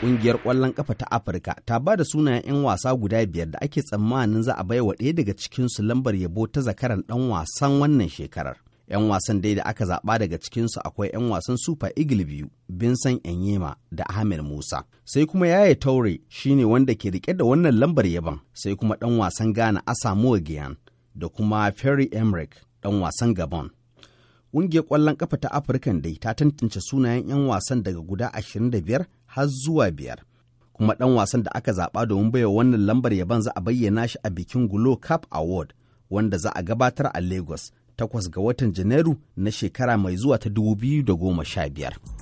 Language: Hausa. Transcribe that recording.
Ƙungiyar ƙwallon ƙafa ta Afirka ta ba da sunayen 'yan wasa guda biyar da ake tsammanin za a bai wa ɗaya daga cikinsu lambar yabo ta zakaran ɗan wasan wannan shekarar. 'Yan wasan dai da aka zaɓa daga cikinsu akwai 'yan wasan Super Eagle biyu, Vincent Enyema da Ahmed Musa. Sai kuma Yaya Taure shine wanda ke riƙe da wannan lambar yabon, sai kuma ɗan wasan Ghana Asamoah Gyan da kuma Ferry Emrick ɗan wasan Gabon. Ƙungiyar ƙwallon ƙafa ta Afirka dai ta tantance sunayen 'yan wasan daga guda ashirin da biyar? har zuwa biyar. Kuma ɗan wasan da aka zaɓa domin baiwa wannan lambar yaban za a bayyana shi a bikin Gulo Cup Award wanda za a gabatar a Lagos takwas ga watan Janairu na shekara mai zuwa ta 2015.